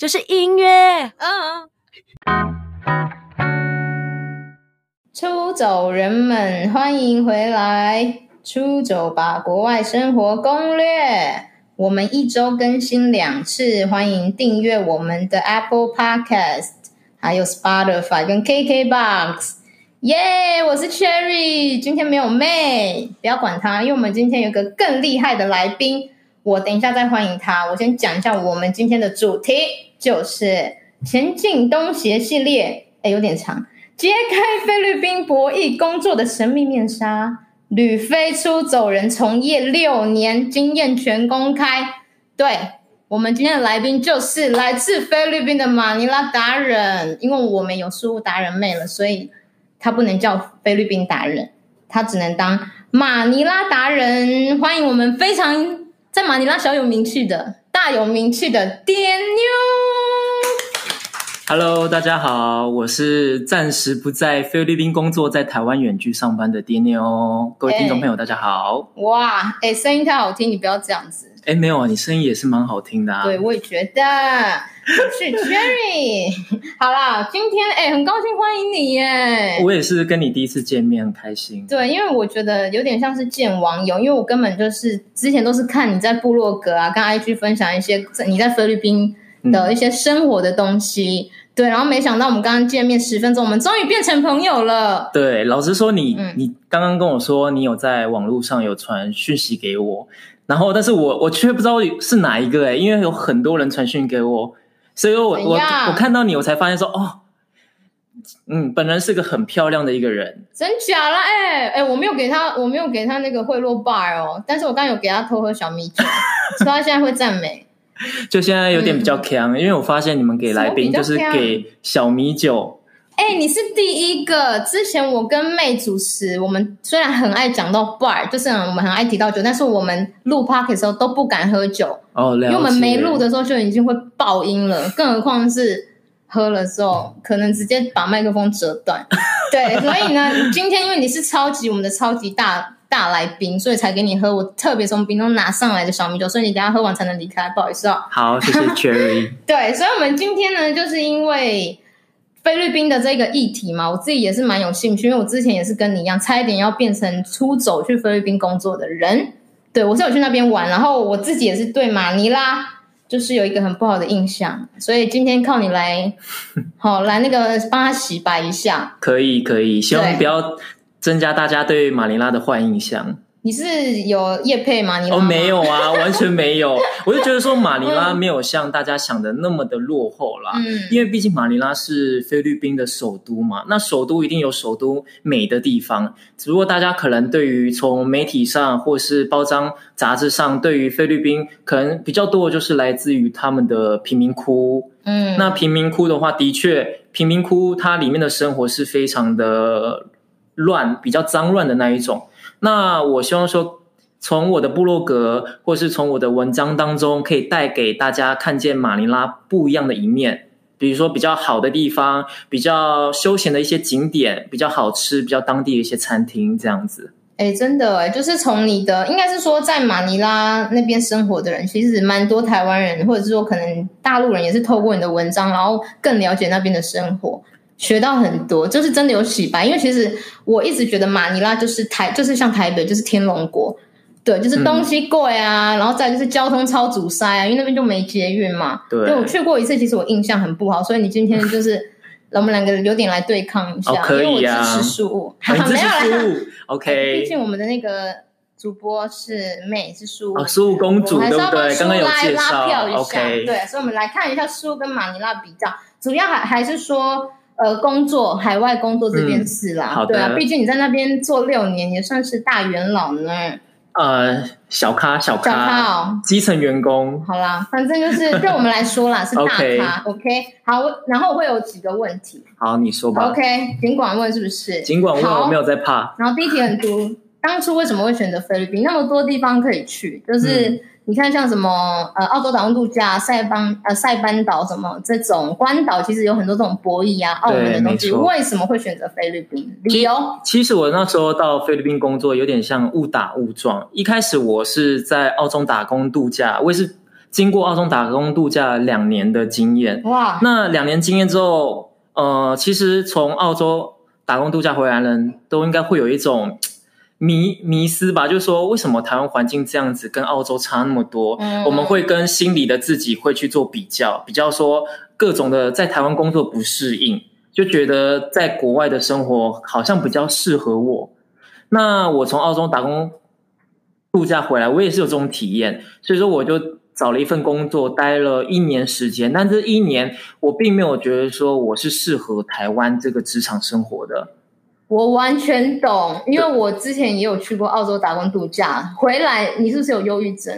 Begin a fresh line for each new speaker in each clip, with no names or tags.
就是音樂，嗯，嗯。出走人們，歡迎回來！出走吧，國外生活攻略。我們一周更新兩次，歡迎訂閱我們的 Apple Podcast，還有 Spotify 跟 KKBOX。耶，yeah，我是 Cherry，今天沒有妹，不要管她，因為我們今天有個更厲害的來賓。我等一下再歡迎他。我先講一下我們今天的主題，就是《前進東協》系列。哎，有點長。揭開菲律賓博弈工作的神秘面紗，旅菲出走人從業六年經驗全公開。對，我們今天的來賓就是來自菲律賓的馬尼拉達人，因為我們有宿霧達人妹了，所以她不能叫菲律賓達人，她只能當馬尼拉達人。歡迎我們非常。在馬尼拉小有名氣的、大有名氣的爹妞。
Hello，大家好，我是暫時不在菲律賓工作，在台灣遠距上班的爹妞。各位聽眾朋友、欸，大家好。
哇，哎、欸，聲音太好聽，你不要這樣子。
哎、欸，沒有啊，你聲音也是蠻好聽的啊。對，
我也覺得。 是 Jerry，好啦，今天哎，很高興歡迎你耶！我也
是跟你第一次見面，很開心。
對，因為我覺得有點像是見網友，因為我根本就是之前都是看你在部落格啊，跟 IG 分享一些你在菲律賓的一些生活的東西，嗯。對，然後沒想到我們剛剛見面十分鐘，我們終於變成朋友了。
對，老實說你，你、嗯、你剛剛跟我說你有在網絡上有傳訊息給我，然後但是我我卻不知道是哪一個哎，因為有很多人傳訊給我。所以我我我看到你，我才發現說哦，嗯，本人是個很漂亮的一個人。
真假啦！哎、欸、哎、欸，我沒有給他，我沒有給他那個賄賂 bar 哦，但是我剛有給他偷喝小米酒， 所以他現在會讚美，
就現在有點比較鏘、嗯，因為我發現你們給來賓就是給小米酒。
哎、欸，你是第一個。之前我跟妹主持，我們雖然很愛講到 bar，就是我們很愛提到酒，但是我們錄 Podcast 的時候都不敢喝酒，哦，
因為我們沒錄的
時候就已經會爆音了，更何況是喝了之後，可能直接把麥克風折斷。 對，所以呢，今天因為你是超級我們的超級大大來賓，所以才給你喝我特別從冰中拿上來的小米酒，所以你等一下喝完才能離開，不好意思哦，啊。好，
謝謝 Cherry。
對，所以我們今天呢，就是因為。菲律賓的這個議題嘛，我自己也是蠻有興趣，因為我之前也是跟你一樣，差一點要變成出走去菲律賓工作的人。對，我是有去那邊玩，然後我自己也是對馬尼拉就是有一個很不好的印象，所以今天靠你來， 好，來那個幫他洗白一下。
可以可以，希望不要增加大家對馬尼拉的壞印象。
你是有業配嗎？哦，沒有啊，完全
沒有。 我就覺得說，馬尼拉沒有像大家想的那麼的落後啦。嗯，因為畢竟馬尼拉是菲律賓的首都嘛，那首都一定有首都美的地方。只不過大家可能對於從媒體上或是報章雜誌上，對於菲律賓可能比較多的就是來自於他們的貧民窟。嗯，那貧民窟的話，的確，貧民窟它裡面的生活是非常的亂，比較髒亂的那一種。那我希望說，從我的部落格或是從我的文章當中，可以帶給大家看見馬尼拉不一樣的一面，比如說比較好的地方，比較休閒的一些景點，比較好吃、比較當地的一些餐廳這樣子。
誒，真的誒，就是從你的，應該是說在馬尼拉那邊生活的人，其實蠻多台灣人，或者是說可能大陸人也是透過你的文章，然後更了解那邊的生活。學到很多，就是真的有洗白，因為其實我一直覺得馬尼拉就是台，就是像台北，就是天龍國，對，就是東西貴啊、嗯，然後再就是交通超阻塞啊，因為那邊就沒捷運嘛。對，我去過一次，其實我印象很不好，所以你今天就是、嗯、我們兩個有點來對抗一下，哦可以啊、因為我支持宿霧哈,哈,
哈,哈、嗯，沒有了，宿霧，OK。畢竟我
們的那個主播是妹，是宿霧，宿
霧、哦、公主，對不對？跟來拉票一下、okay，對，所以我
們來看一下宿霧跟馬尼拉比較，主要還還是說。呃，工作海外工作這件事啦、嗯好，對啊，畢竟你在那邊做六年，也算是大元老呢。
呃，小咖小咖、小咖哦，基層員工。
好啦，反正就是對我們來說啦， 是大咖。OK，okay 好，然後我會有幾個問題。
好，你說吧。OK，
儘管問是不是？儘管問，我沒有在怕。然後第一題很多， 當初為什麼會選擇菲律賓？那麼多地方可以去，就是。嗯你看，像什麼呃，澳洲打工度假、塞班呃塞班島什麼這種關島，其實有很多這種博弈啊、澳門的東西。為什麼會選擇菲律賓理由？
其實，其實我那時候到菲律賓工作，有點像誤打誤撞。一開始我是在澳洲打工度假，我也是經過澳洲打工度假兩年的經驗。哇，那兩年經驗之後，呃，其實從澳洲打工度假回來人都應該會有一種。迷迷思吧，就是、說為什麼台灣環境這樣子，跟澳洲差那麼多？嗯、我們會跟心裡的自己會去做比較，比較說各種的在台灣工作不適應，就覺得在國外的生活好像比較適合我。那我從澳洲打工度假回來，我也是有這種體驗，所以說我就找了一份工作，待了一年時間，但這一年我並沒有覺得說我是適合台灣這個職場生活的。
我完全懂，因為我之前也有去過澳洲打工度假，回來你是不是有憂鬱症？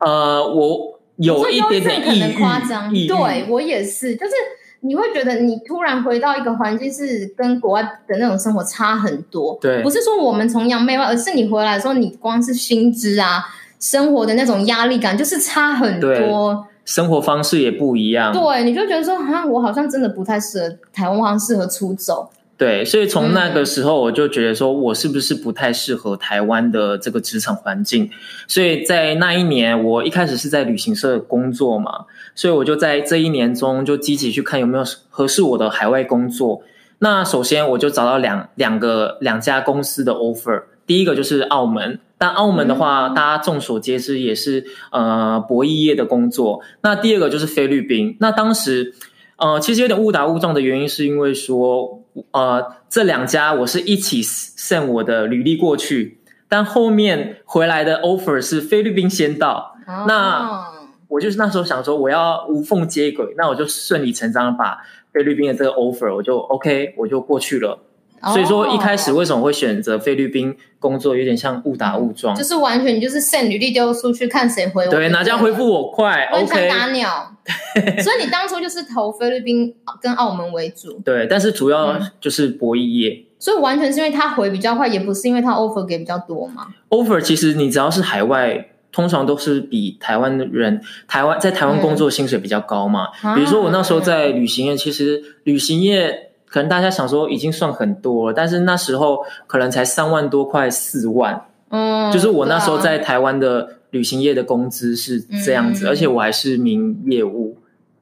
呃，我有一點抑鬱，可能誇張，一點點
對我也是，就是你會覺得你突然回到一個環境是跟國外的那種生活差很多，對，不是說我們崇洋媚外，而是你回來的時候，你光是薪資啊，生活的那種壓力感就是差很多，
生活方式也不一樣，對，
你就覺得說，哈，我好像真的不太適合台灣，我好像適合出走。
對，所以從那個時候我就覺得說，我是不是不太適合台灣的這個職場環境？所以在那一年，我一開始是在旅行社工作嘛，所以我就在這一年中就積極去看有沒有合適我的海外工作。那首先我就找到兩兩個兩家公司的 offer，第一個就是澳門，但澳門的話，嗯、大家眾所皆知也是呃，博弈業的工作。那第二個就是菲律賓，那當時呃，其實有點誤打誤撞的原因，是因為說。呃，這兩家我是一起 send 我的履歷過去，但後面回來的 offer 是菲律賓先到，oh. 那我就是那時候想說，我要無縫接軌，那我就順理成章把菲律賓的這個 offer 我就 OK 我就過去了。哦、所以說一開始為什麼會選擇菲律賓工作，有點像誤打誤撞、嗯嗯嗯，就
是完全就是 send 履歷丟出去看誰回我。對，哪
家回復我快？O 我想打
鳥，okay、 所以你當初就是投菲律賓跟澳門為主。
對，但是主要就是博弈業、
嗯。所以完全是因為他回比較快，也不是因為他 offer 給比較多嘛。
offer 其實你只要是海外，通常都是比台灣的人，台灣在台灣工作薪水比較高嘛。比如說我那時候在旅行業，嗯、其實旅行業。可能大家想說已經算很多了，但是那時候可能才三萬多塊四萬，嗯，
就是我那時候在
台灣的旅行業的工資是這樣子，嗯，而且我還是名業務，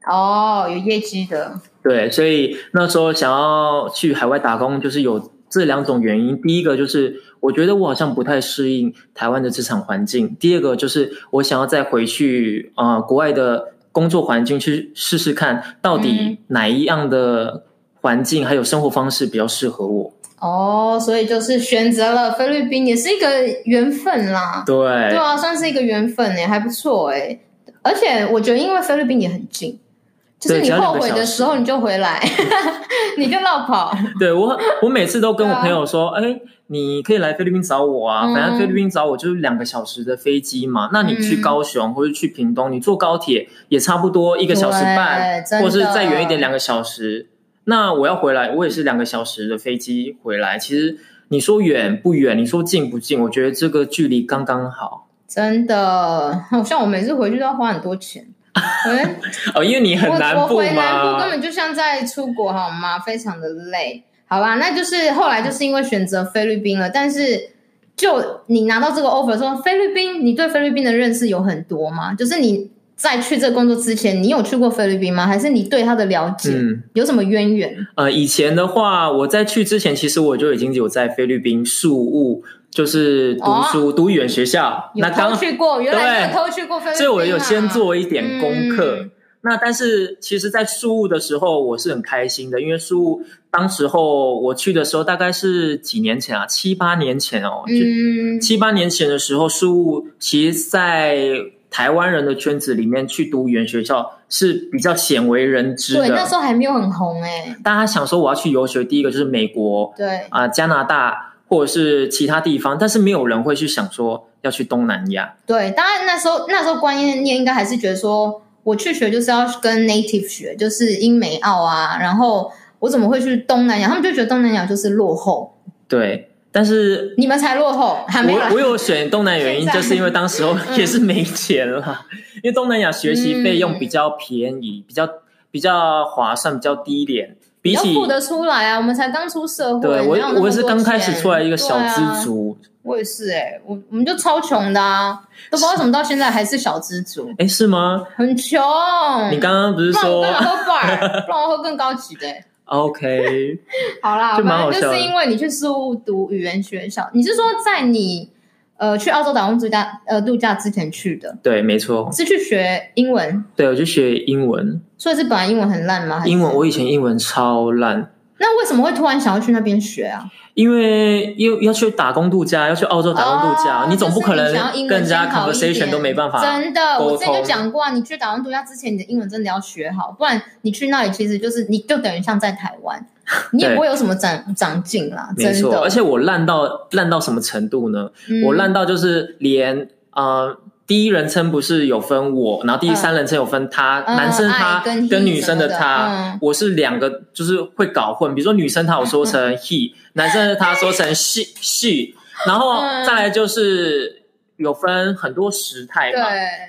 哦，有業績的，
對，所以那時候想要去海外打工，就是有這兩種原因。第一個就是我覺得我好像不太適應台灣的職場環境，第二個就是我想要再回去啊、呃，國外的工作環境去試試看，到底哪一樣的，嗯。環境還有生活方式比較適合我
哦，所以就是選擇了菲律賓，也是一個緣分啦。
對對啊，
算是一個緣分也、欸、還不錯哎、欸。而且我覺得，因為菲律賓也很近，
就是你後悔的時
候你就回來，個 你就落跑。
對我，我每次都跟我朋友說，哎、啊欸，你可以來菲律賓找我啊。反、嗯、正菲律賓找我就是兩個小時的飛機嘛。那你去高雄或者去屏東，嗯、你坐高鐵也差不多一個小時半，對或者是再遠一點兩個小時。那我要回來，我也是兩個小時的飛機回來。其實你說遠不遠？你說近不近？我覺得這個距離剛剛好。
真的，好像我每次回去都要花很多錢。
欸、 哦，因為你很南，我回南部根本
就像在出國好嗎？非常的累，好吧？那就是後來就是因為選擇菲律賓了。但是就你拿到這個 offer 說菲律賓，你對菲律賓的認識有很多嗎？就是你。在去這工作之前，你有去過菲律賓嗎？還是你對他的了解、嗯、有什麼淵源？
呃，以前的話，我在去之前，其實我就已經有在菲律賓宿霧，就是讀書、哦、讀語言學校。嗯、那剛，剛去過，對，原來是偷去過菲律賓、啊，所以，我有先做一點功課。嗯、那但是，其實，在宿霧的時候，我是很開心的，因為宿霧當時候我去的時候，大概是幾年前啊，七八年前哦，就七八年前的時候，宿、嗯、霧其實在。台灣人的圈子裡面，去讀語言學校是比較鮮為人知的。對，那時候
還沒有很紅哎、欸。
大家想說我要去遊學，第一個就是美國，對啊、呃，加拿大或者是其他地方，但是沒有人會去想說要去東南亞。
對，當然那時候那時候觀念念應該還是覺得說，我去學就是要跟 native 學，就是英美澳啊，然後我怎麼會去東南亞？他們就覺得東南亞就是落
後。對。
但是你們才落後，還沒我我有
選東南亞原因就是因為當時候、嗯、也是沒錢了，因為東南亞學習費用比較便宜，嗯、比較比較划算，比較低廉。比起比付得
出來啊，我們才剛出社會，對我我也是剛開始出來一個小資族、啊。我也是哎、欸，我我們就超窮的啊，都不知道怎麼到現在還是小資族。
哎、欸，是嗎？很窮。你剛剛不是說讓我喝
板兒，讓我喝更高級的、欸。OK， 好啦，就就是因為你去宿霧讀語言學校，你是說在你呃去澳洲打工度假呃度假之前去的？
對，沒錯，是
去學英文。
對，我就學英文。
所以是本來英文很爛嗎，還是？英文
我以前英文超爛。
那為什麼會突然想要去那邊學
啊？因為又要去打工度假，要去澳洲打工度假，呃、你總不可能跟人家 conversation 想要英文都沒辦法。真的，我之前就講過、
啊，你去打工度假之前，你的英文真的要學好，不然你去那裡其實就是你就等於像在台灣，你也不會有什麼長長進啦。
真的，而且我爛到爛到什麼程度呢？嗯、我爛到就是連啊。呃第一人稱不是有分我，然後第三人稱有分他、嗯，男生他跟女生的他，嗯嗯、我是兩個就是會搞混、嗯。比如說女生他我說成 he，、嗯嗯、男生他說成 she she，、嗯、然後再來就是有分很多時態。對，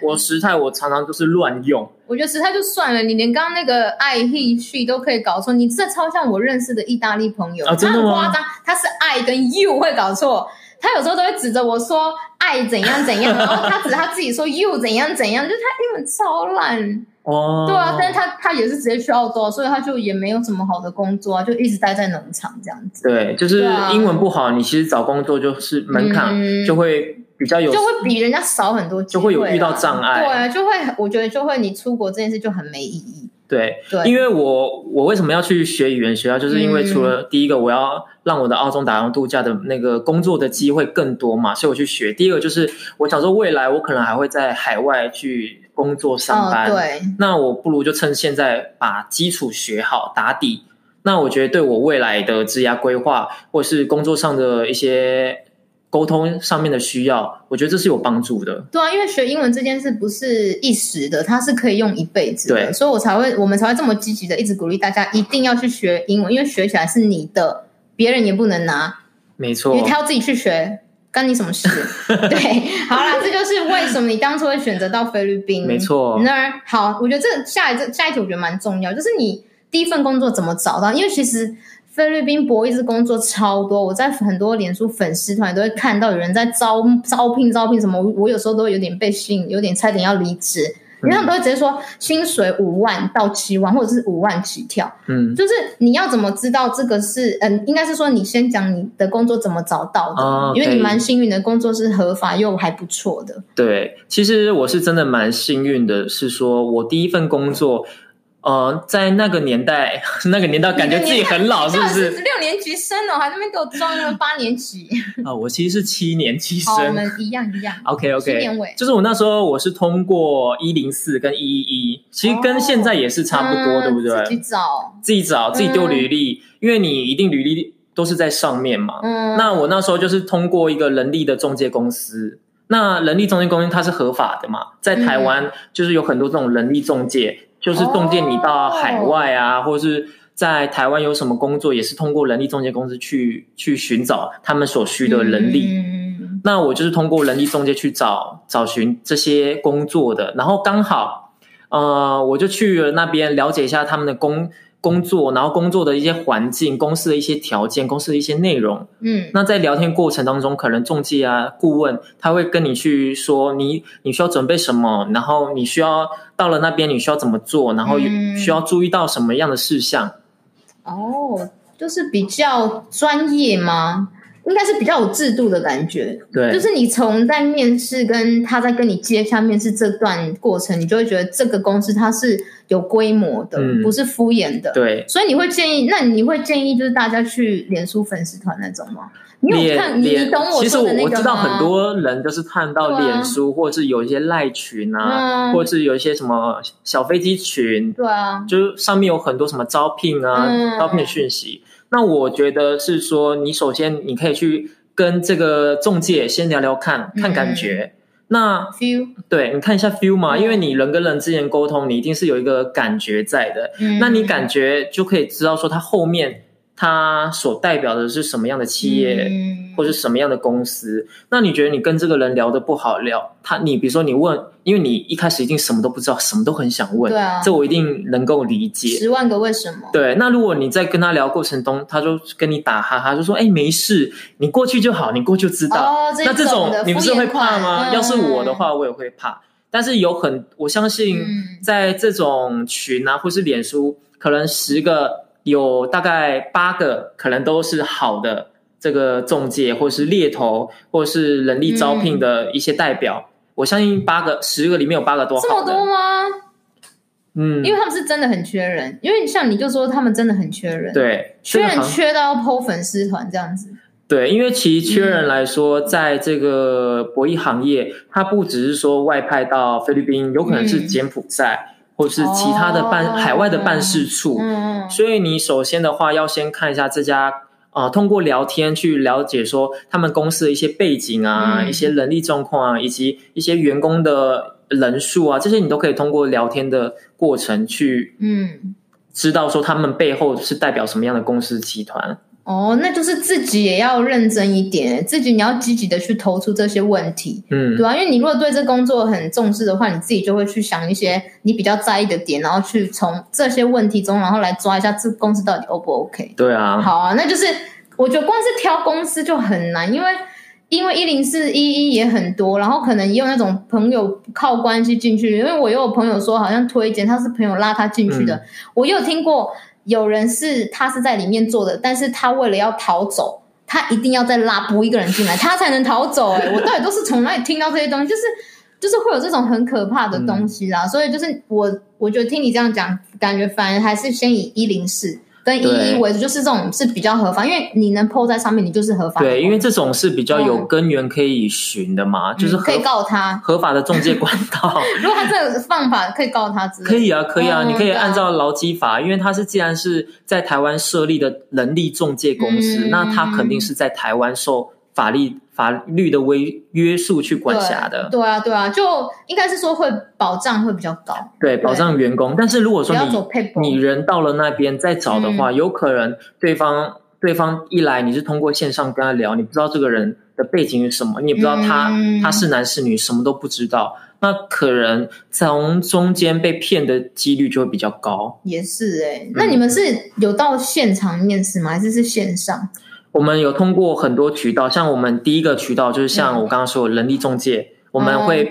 我時態我常常就是亂用。
我覺得時態就算了，你連剛剛那個 I he she 都可以搞錯，你這超像我認識的意大利朋友啊、哦，真的嗎？他，誇張，他是 I 跟 you 會搞錯。他有時候都會指着我說“愛怎樣怎樣”， 然後他指着他自己說 “you 怎樣怎樣”， 就是他英文超爛哦，
對啊，但是
他他也是直接去澳洲，所以他就也沒有什麼好的工作啊，就一直待在農場這樣
子。對，就是英文不好，啊、你其實找工作就是門檻、嗯、就會比較有，就會比人家少很多機會、啊，就會有遇到障礙、啊。對、
啊，就會我覺得就會你出國這件事就很沒意義。
對，對，因為我我為什麼要去學語言學校，就是因為除了第一個，我要讓我的澳洲打工度假的那個工作的機會更多嘛，所以我去學。第二個就是我想說，未來我可能還會在海外去工作上班，哦，對，那我不如就趁現在把基礎學好打底。那我覺得對我未來的職涯規劃或是工作上的一些。溝通，通上面的需要，我覺得這是有幫助的。
對啊，因為學英文這件事不是一時的，它是可以用一輩子的。對，所以我才會，我們才會這麼積極的一直鼓勵大家一定要去學英文，因為學起來是你的，別人也不能拿。
沒錯，因為他要自己
去學，干你什麼事？ 對，好啦， 這就是為什麼你當初會選擇到菲律賓。沒錯，那好，我覺得這下一下一題我覺得蠻重要，就是你第一份工作怎麼找到？因為其實。菲律賓博弈工作超多，我在很多臉書粉絲團都會看到有人在招招聘招聘什麼，我有時候都有點被吸引，有點差點要離職，嗯。因為他們都會直接說薪水五萬到七萬，或者是五萬起跳。嗯，就是你要怎麼知道這個是嗯、呃，應該是說你先講你的工作怎麼找到的？哦、因為你蠻幸運的、okay、工作是合法又還不錯的。
對，其實我是真的蠻幸運的，是說我第一份工作。呃，在那個年代，那個年代感覺自己很老，是不是？
六年級生哦，還在那邊給我裝那個八年級。
啊、呃，我其實是七年級生，我們
一樣
一樣。OK OK，七年尾，就是我那時候我是通過一零四跟一一一，其實跟現在也是差不多，oh, 對不對、嗯？自己找，自己找，自己丟履歷，因為你一定履歷都是在上面嘛。嗯，那我那時候就是通過一個人力的中介公司，那人力中介公司它是合法的嘛，在台灣就是有很多這種人力中介。嗯就是中介，你到海外啊，oh. 或者是在台灣有什麼工作，也是通過人力中介公司去去尋找他們所需的人力。Mm. 那我就是通過人力中介去找找尋這些工作的，然後剛好，呃，我就去了那邊了解一下他們的工。工作，然後工作的一些環境、公司的一些條件、公司的一些內容，嗯，那在聊天過程當中，可能中介啊、顧問他會跟你去說，你你需要準備什麼，然後你需要到了那邊你需要怎麼做，然後需要注意到什麼樣的事項、
嗯。哦，就是比較專業嗎？應該是比較有制度的感覺，對，就是你從在面試跟他在跟你接下面試這段過程，你就會覺得這個公司它是。有規模的，不是敷衍的、嗯。對，所以你會建議，那你會建議就是大家去臉書粉絲團
那種嗎？你有看，臉你，你懂我的嗎。其實我我知道很多人都是看到臉書，啊、或是有一些賴群啊，嗯、或是有一些什麼小飛機群。對啊，就是上面有很多什麼招聘啊、嗯，招聘訊息。那我覺得是說，你首先你可以去跟這個中介先聊聊看，看、嗯、看感覺。那 feel 對，你看一下 feel 嘛，yeah. 因為你人跟人之間溝通，你一定是有一個感覺在的。Mm -hmm. 那你感覺就可以知道說，它後面它所代表的是什麼樣的企業。Mm -hmm. 或是什麼樣的公司？那你覺得你跟這個人聊得不好聊他？你比如說你問，因為你一開始一定什麼都不知道，什麼都很想問。對啊，這我一定能夠理解。十
萬個為什麼？
對。那如果你在跟他聊過程中，他就跟你打哈哈，就說：“哎、欸，沒事，你過去就好，你過去就知道。”哦，這種，那這種你不是會怕嗎？嗯、要是我的話，我也會怕。但是有很，我相信在這種群啊，嗯、或是臉書，可能十個有大概八個，可能都是好的。嗯這個中介，或者是獵頭，或者是人力招聘的一些代表，嗯、我相信八個、十、嗯、個裡面有八個多好的這麼多
嗎？嗯，
因為
他們是真的很缺人，因為像你就說他們真的很缺人，對，
這個、缺人缺
到剖粉絲團這
樣子。對，因為其實缺人來說、嗯，在這個博弈行業，它不只是說外派到菲律賓，有可能是柬埔寨，嗯、或者是其他的辦、哦、海外的辦事處嗯。嗯。所以你首先的話，要先看一下這家。啊，通過聊天去了解說他們公司的一些背景啊，嗯、一些人力狀況啊，以及一些員工的人數啊，這些你都可以通過聊天的過程去，嗯，知道說他們背後是代表什麼樣的公司集團。
哦，那就是自己也要認真一點，自己你要積極的去投出這些問題，
嗯，對吧、啊？因
為你如果對這工作很重視的話，你自己就會去想一些你比較在意的點，然後去從這些問題中，然後來抓一下這公司到底 O 不 OK？對啊，好啊，那就是我覺得光是挑公司就很難，因為因為一零四一一也很多，然後可能也有那種朋友靠關係進去，因為我有朋友說好像推薦，他是朋友拉他進去的，嗯、我有聽過。有人是他是在裡面做的，但是他為了要逃走，他一定要再拉撥一個人進來， 他才能逃走、欸。哎，我到底都是從哪裡聽到這些東西？就是，就是會有這種很可怕的東西啦。嗯、所以就是我，我覺得聽你這樣講，感覺反而還是先以一零四。跟依依為主，就是這種是比較合法，因為你能 PO 在上面，你就是合法的。對，因
為這種是比較有根源可以尋的嘛，嗯、就是可以告他合法的中介管道。 如
果他這有犯法，可以告他之類。可以啊，可以啊，嗯、你可以按
照勞基法，啊，因為他是既然是在台灣設立的人力中介公司，嗯，那他肯定是在台灣受法律法律的威約束去管轄的對，對
啊，對啊，就應該是說，會保障會比較高，對，
保障員工。但是如果說你你人到了那邊再找的話，嗯、有可能對方對方一來，你是通過線上跟他聊，你不知道這個人的背景是什麼，你也不知道他，嗯、他是男是女，什麼都不知道，那可能從中間被騙的幾率就會比較高。也是
哎，欸，嗯，那你們是有到現場面試嗎？還是是線上？
我們有通過很多渠道，像我們第一個渠道就是像我剛剛說的、嗯、人力中介，我們會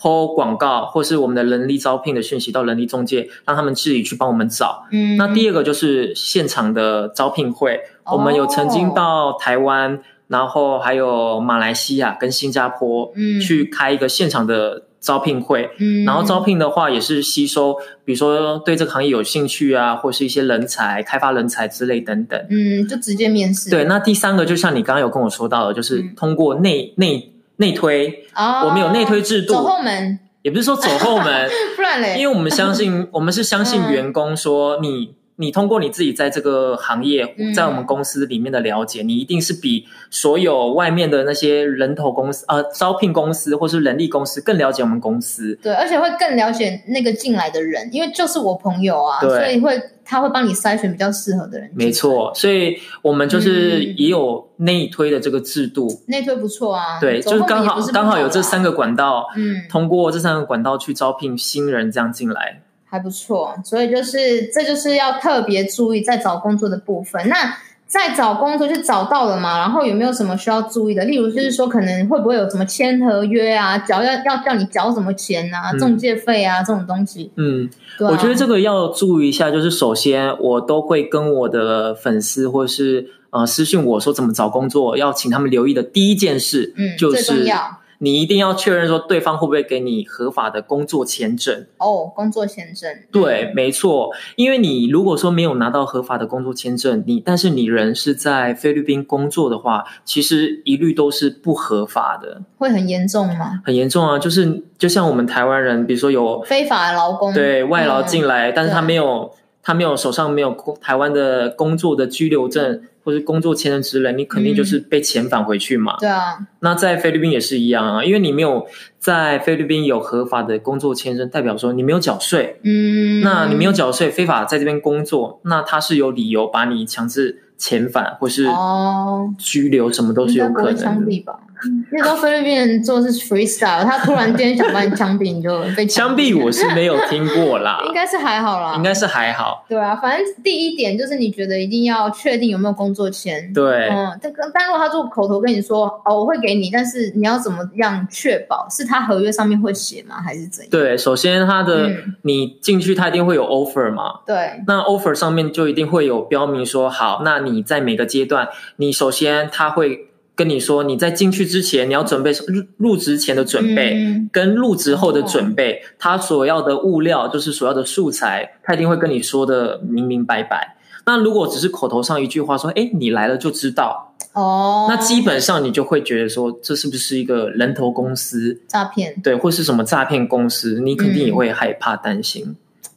po 廣告、嗯對，或是我們的人力招聘的訊息到人力中介，讓他們自己去幫我們找。嗯，那第二個就是現場的招聘會，我們有曾經到台灣，哦、然後還有馬來西亞跟新加坡，嗯，去開一個現場的。招聘會，嗯，然後招聘的話也是吸收，比如說對這個行業有興趣啊，或是一些人才、開發人才之類等等，
嗯，就直接面試。對，那
第三個就像你剛剛有跟我說到的，就是通過內、嗯、內內推、哦，我們有內推制度，走後門，也不是說走後門，
不然呢？因為我
們相信我們是相信員工說你。嗯你通過你自己在這個行業，在我們公司裡面的了解，嗯、你一定是比所有外面的那些人頭公司、呃、啊，招聘公司或是人力公司更了解我們公司。對，
而且會更了解那個進來的人，因為就是我朋友啊，所以會，他會幫你篩選比較適合的人。
沒錯，所以我們就是也有內推的這個制度，嗯、內推不錯
啊。對，不是不錯啊、對就是剛好剛好有這
三個管道、啊，嗯，通過這三個管道去招聘新人這樣進來。
還不錯，所以就是這就是要特別注意在找工作的部分。那在找工作是找到了嘛？然後有沒有什麼需要注意的？例如就是說可能會不會有什麼簽合約啊，繳要要叫你繳什麼錢啊，嗯、中介費啊這種東西？嗯，
對，我覺得這個要注意一下。就是首先我都會跟我的粉絲或是呃私訊我說怎麼找工作，要請他們留意的第一件事、就是，嗯，最重要。你一定要確認說，對方會不會給你合法的工作簽證哦
，oh, 工作簽證。對，嗯，
沒錯，因為你如果說沒有拿到合法的工作簽證，你但是你人是在菲律賓工作的話，其實一律都是不合法的，
會很嚴重嗎？
很嚴重啊，就是就像我們台灣人，比如說有
非法勞工，對外勞
進來，嗯，但是他沒有。他沒有手上沒有台灣的工作的居留證或是工作簽證之類，你肯定就是被遣返回去嘛。嗯、對啊，那在菲律賓也是一樣啊，因為你沒有在菲律賓有合法的工作簽證，代表說你沒有繳稅。嗯，
那你沒有
繳稅、嗯，非法在這邊工作，那他是有理由把你強制遣返或是哦，拘留，什麼都是有可能的。哦
那個菲律賓人做的是 freestyle，他突然間想把你槍斃，你就被
槍斃。我是沒有聽過啦， 應
該是還好啦，應
該是還好。
對啊，反正第一點就是你覺得一定要確定有沒有工作簽。對，嗯，但但如果他做口頭跟你說哦，我會給你，但是你要怎麼樣確保？是他合約上面會寫嗎？還是怎樣？
對，首先他的、嗯、你進去他一定會有 offer 嘛，對，那 offer 上面就一定會有標明說好，那你在每個階段，你首先他會。跟你說，你在進去之前，你要準備入入職前的準備，跟入職後的準備，他所要的物料就是所要的素材，他一定會跟你說的明明白白。那如果只是口頭上一句話說，誒，你來了就知道，哦，那基本上你就會覺得說，這是不是一個人頭公司詐騙？對，或是什麼詐騙公司，你肯定也會害怕擔心。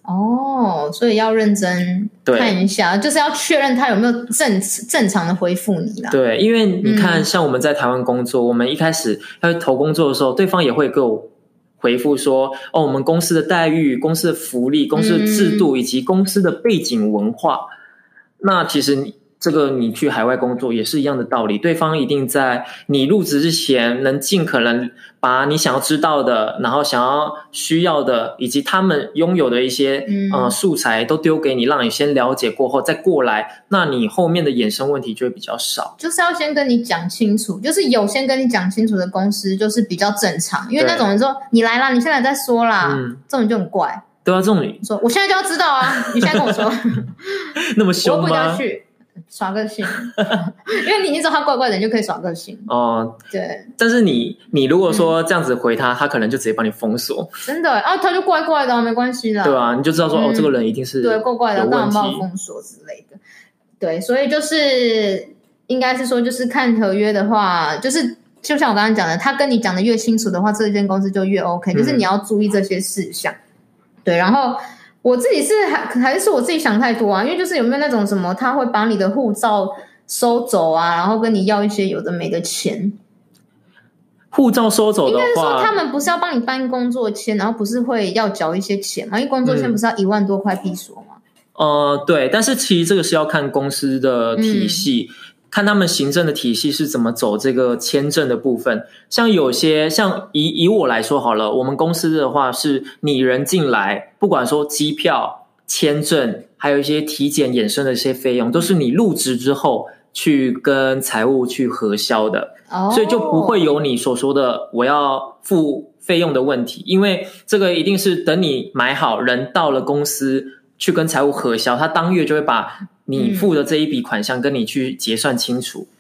哦，所以要認真，對，看一下，就是要確認他有沒有正正常的回復你了。對，
因為你看，嗯、像我們在台灣工作，我們一開始要投工作的時候，對方也會給我回復說，哦，我們公司的待遇、公司的福利、公司的制度以及公司的背景文化，嗯、那其實你。這個你去海外工作也是一樣的道理，對方一定在你入職之前能盡可能把你想要知道的，然後想要需要的，以及他們擁有的一些嗯、呃、素材都丟給你，讓你先了解過後再過來，那你後面的衍生問題就會比較少。
就是要先跟你講清楚，就是有先跟你講清楚的公司就是比較正常，因為那種人說你來啦，你現在再說啦，嗯、這種就很怪。
對啊，這種人
說我現在就要知道啊，你現在跟我說，
那麼凶嗎？我
耍個性， 因為你一說他怪怪的，你就可以耍個性哦。對，
但是你你如果說這樣子回他，嗯、他可能就直接把你封鎖。
真的啊，他就怪怪的、啊，沒關係了。對啊，你
就知道說、嗯、哦，這個人一定是對怪怪的、啊，那要封鎖之類的。
對，所以就是應該是說，就是看合約的話，就是就像我剛剛講的，他跟你講的越清楚的話，這間公司就越 OK。就是你要注意這些事項、嗯。對，然後。我自己是還還是我自己想太多啊？因為就是有沒有那種什麼，他會把你的護照收走啊，然後跟你要一些有的沒的錢。
護照收走的話，應該是說他們
不是要幫你辦工作簽，然後不是會要交一些錢嘛？因為工作簽不是要一萬多塊披索嘛？
呃，對，但是其實這個是要看公司的體系。嗯看他們行政的體系是怎麼走這個簽證的部分，像有些像以、以我來說好了，我們公司的話是你人進來，不管說機票、簽證，還有一些體檢衍生的一些費用，都是你入職之後去跟財務去核銷的，所以就不會有你所說的我要付費用的問題，因為這個一定是等你買好人到了公司。去跟財務核銷，他當月就會把你付的這一筆款項跟你去結算清楚。嗯。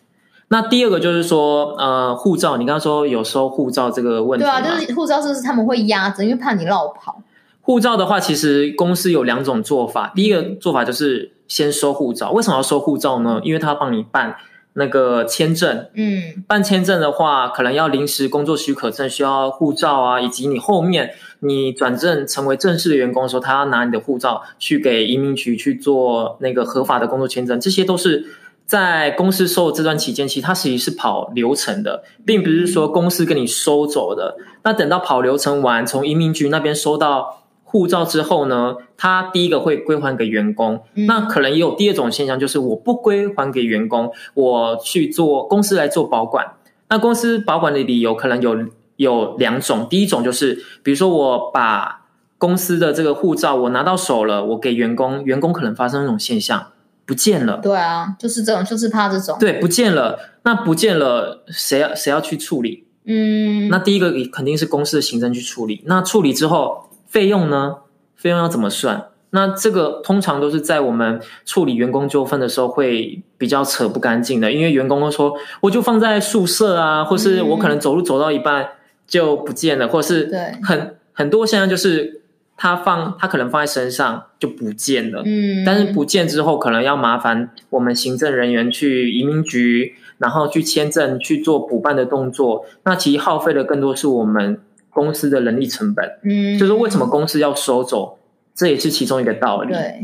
那第二個就是說，呃，護照，你剛剛說有收護照這個問題啊。對啊，就
是護照，就是他們會壓着，因為怕你落跑。
護照的話，其實公司有兩種做法。第一個做法就是先收護照，為什麼要收護照呢？因為他要幫你辦那個簽證。嗯，辦簽證的話，可能要臨時工作許可證，需要護照啊，以及你後面。你轉正成為正式的員工的時候，他要拿你的護照去給移民局去做那個合法的工作簽證，這些都是在公司收的這段期間，其實他實際是跑流程的，並不是說公司跟你收走的。那等到跑流程完，從移民局那邊收到護照之後呢，他第一個會歸還給員工。那可能也有第二種現象，就是我不歸還給員工，我去做公司來做保管。那公司保管的理由可能有。有兩種，第一種就是，比如說我把公司的這個護照我拿到手了，我給員工，員工可能發生一種現象，不見了。
對啊，就是這種，就是怕這種。對，不
見了，那不見了，誰要誰要去處理？
嗯，那
第一個肯定是公司的行政去處理。那處理之後，費用呢？費用要怎麼算？那這個通常都是在我們處理員工糾紛的時候會比較扯不乾淨的，因為員工會說，我就放在宿舍啊，或是我可能走路走到一半。嗯就不見了，或是很對很多現象就是他放他可能放在身上就不見了，嗯，但是不見之後可能要麻煩我們行政人員去移民局，然後去簽證去做補辦的動作，那其實耗費的更多是我們公司的人力成本，嗯，就是說為什麼公司要收走，嗯，這也是其中一個道理。對，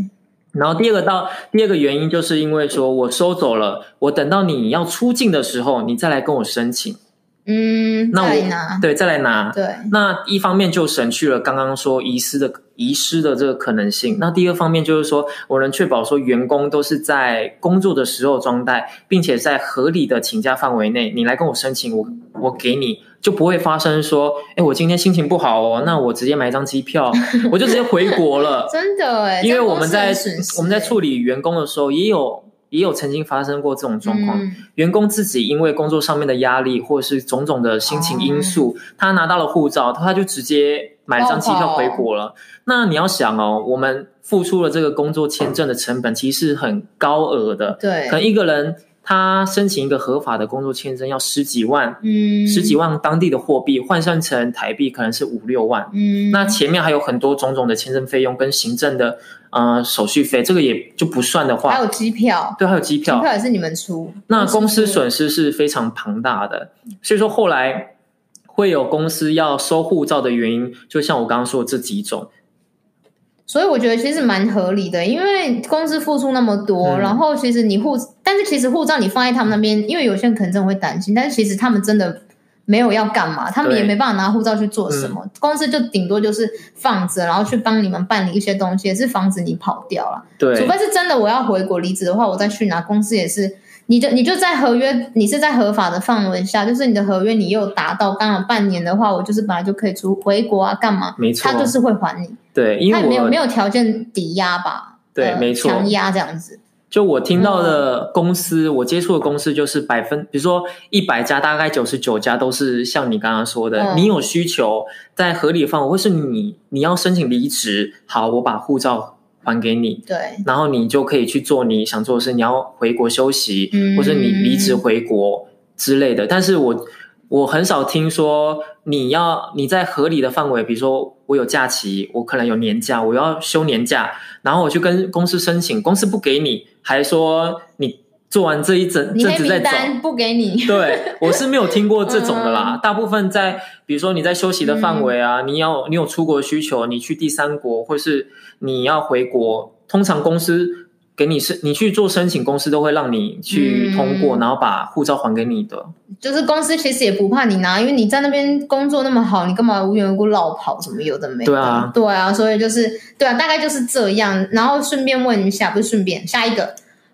然後第二個到第二個原因就是因為說我收走了，我等到你要出境的時候，你再來跟我申請。嗯，那我再拿對，再來拿，對。那一方面就省去了剛剛說遺失的遺失的這個可能性。那第二方面就是說，我能確保說員工都是在工作的時候裝袋，並且在合理的請假範圍內，你來跟我申請，我我給你，就不會發生說，哎，我今天心情不好哦，那我直接買一張機票， 我就直接回國了，
真的，誒，因為我們在
我們在處理員工的時候也有。也有曾經發生過這種狀況。嗯，員工自己因為工作上面的壓力或者是種種的心情因素。嗯，他拿到了護照，他就直接買張機票回國了。那你要想哦，我們付出了這個工作簽證的成本，其實是很高額的。嗯，對，可能一個人。他申請一個合法的工作簽證要十幾萬，嗯，十幾萬當地的貨幣換算成台幣可能是五六萬，嗯，那前面還有很多種種的簽證費用跟行政的，呃，手續費，這個也就不算的話，還有
機票，
對，還有機票，機票
也是你們出，
那公司損失是非常龐大的，所以說，後來會有公司要收護照的原因，就像我剛剛說的這幾種。
所以我覺得其實蠻合理的，因為公司付出那麼多，然後其實你護，但是其實護照你放在他們那邊，因為有些人可能真的會擔心，但是其實他們真的沒有要幹嘛，他們也沒辦法拿護照去做什麼，公司就頂多就是放着，嗯，然後去幫你們辦理一些東西，也是防止你跑掉了。對，除非是真的我要回國離職的話，我再去拿，公司也是。你就你就在合約，你是在合法的範圍下，就是你的合約，你又達到剛好半年的話，我就是本來就可以出回國啊，幹嘛？沒錯，他就是會還你。
對，因為我他也沒有沒有條
件抵押吧？
對、呃，沒錯，強壓這樣子。就我聽到的公司，嗯、我接觸的公司就是百分，比如說一百家，大概九十九家都是像你剛剛說的，嗯、你有需求在合理的範圍，或是你你要申請離職，好，我把護照。還給你，對，然後你就可以去做你想做的事。你要回國休息，嗯、或者你離職回國之類的。嗯、但是我我很少聽說你要你在合理的範圍，比如說我有假期，我可能有年假，我要休年假，然後我去跟公司申請，公司不給你，還說你。做完這一整這一陣子再走，
不給你。對， 我是
沒有聽過這種的啦、嗯。大部分在，比如說你在休息的範圍啊，嗯、你要你有出國需求，你去第三國，或是你要回國，通常公司給你申，你去做申請，公司都會讓你去通過、嗯，然後把護照還給你的。
就是公司其實也不怕你拿，因為你在那邊工作那麼好，你幹嘛無緣無故落跑什麼有的沒的？對啊，對啊，所以就是對啊，大概就是這樣。然後順便問一下，不是順便，下一個。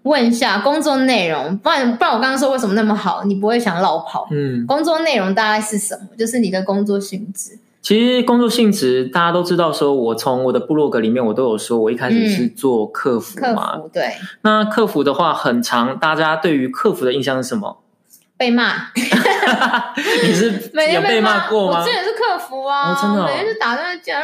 問一下工作內容，不然不然我剛剛說為什麼那麼好，你不會想落跑？嗯，工作內容大概是什麼？就是你的工作性質。
其實工作性質大家都知道，說我從我的部落格裡面我都有說，我一開始是做客服嘛、嗯。客服對。那客服的話，很常，大家對於客服的印象是什麼？
被罵。
你是有被罵過嗎？我這也
是客服啊，哦、真的、哦，每天是打字鍵、呃，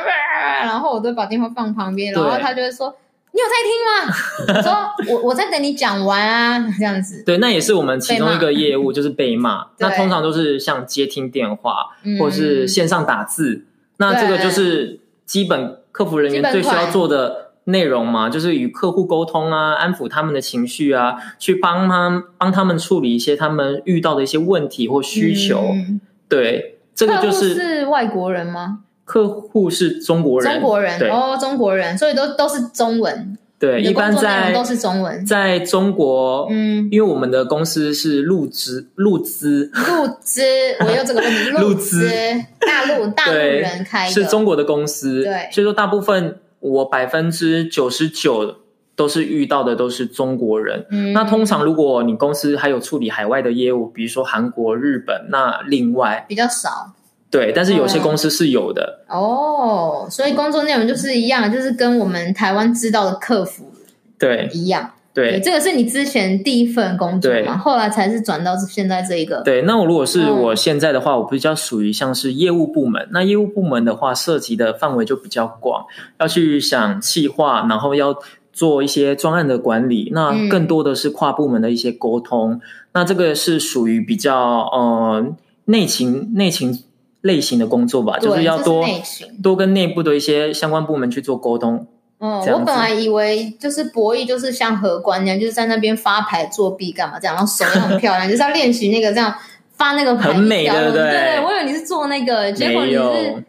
然後我都把電話放旁邊，然後他就會說。你有在聽嗎？ 我說我我在等你講完啊，這樣子。
對，那也是我們其中一個業務，就是被罵。 那通常都是像接聽電話、嗯，或是線上打字。那這個就是基本客服人員最需要做的內容嘛，就是與客戶溝通啊，安撫他們的情緒啊，去幫他幫他們處理一些他們遇到的一些問題或需求。嗯、對，這個就是，
是外國人嗎？
客戶是中國人，中國人哦，
中國人，所以都都是中文。
對，一般在都是
中文在，
在中國，嗯，因為我們的公司是陸資陸資陸資，我
用這個 陸資，陸資大陸， 大陸，大陸人開，是中
國的公司，對，所以說大部分我百分之九十九都是遇到的都是中國人。嗯。那通常如果你公司還有處理海外的業務，比如說韓國、日本，那另外比較少。對，但是有些公司是有的
哦，oh, 所以工作內容就是一樣，就是跟我們台灣知道的客服對一樣對對，對，這個是你之前第一份工作嘛？後，後來才是轉到現在這一個。
對，那我如果是我現在的話，oh. 我比較屬於像是業務部門。那業務部門的話，涉及的範圍就比較廣，要去想企劃，然後要做一些專案的管理，那更多的是跨部門的一些溝通。嗯、那這個是屬於比較呃內勤，內勤。內勤類型的工作吧，就是要多、就是、多跟內部的一些相關部門去做溝通。
哦，我本來以為就是博弈，就是像荷官一樣，就是在那邊發牌作弊幹嘛這樣，然後手也很漂亮， 就是要練習那個這樣發那個牌很美的對不對？對，對，對，我以為你是做那個，有結果你是。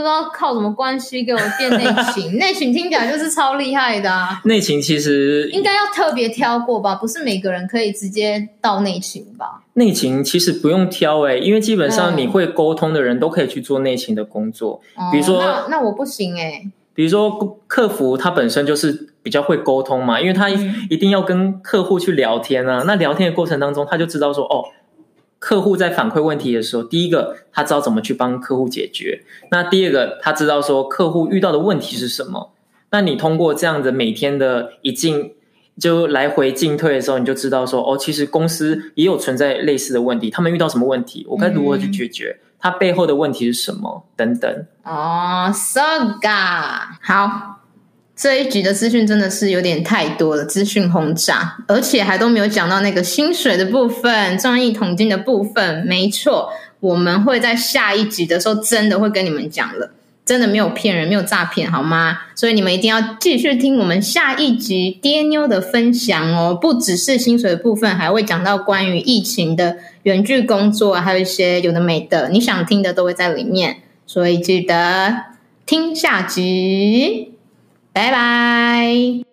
不知道靠什麼關係給我進內勤？內 勤聽起來就是超厲害的啊！
內勤其實應
該要特別挑過吧，不是每個人可以直接到內勤吧？
內勤其實不用挑哎，欸，因為基本上你會溝通的人都可以去做內勤的工作。比如說，
哦、那那我不行哎，欸。
比如說，客服他本身就是比較會溝通嘛，因為他一定要跟客戶去聊天啊、嗯。那聊天的過程當中，他就知道說哦。客戶在反饋問題的時候，第一個他知道怎麼去幫客戶解決；那第二個他知道說客戶遇到的問題是什麼。那你通過這樣的每天的一進就來回進退的時候，你就知道說哦，其實公司也有存在類似的問題，他們遇到什麼問題，我該如何去解決？它、嗯、背後的問題是什麼？等等。
哦，so good，好。這一集的資訊真的是有點太多了，資訊轟炸，而且還都沒有講到那個薪水的部分、創意統計的部分。沒錯，我們會在下一集的時候真的會跟你們講了，真的沒有騙人、沒有詐騙，好嗎？所以你們一定要繼續聽我們下一集爹妞的分享哦！不只是薪水的部分，還會講到關於疫情的遠距工作，還有一些有的沒的，你想聽的都會在裡面。所以記得聽下集。拜拜。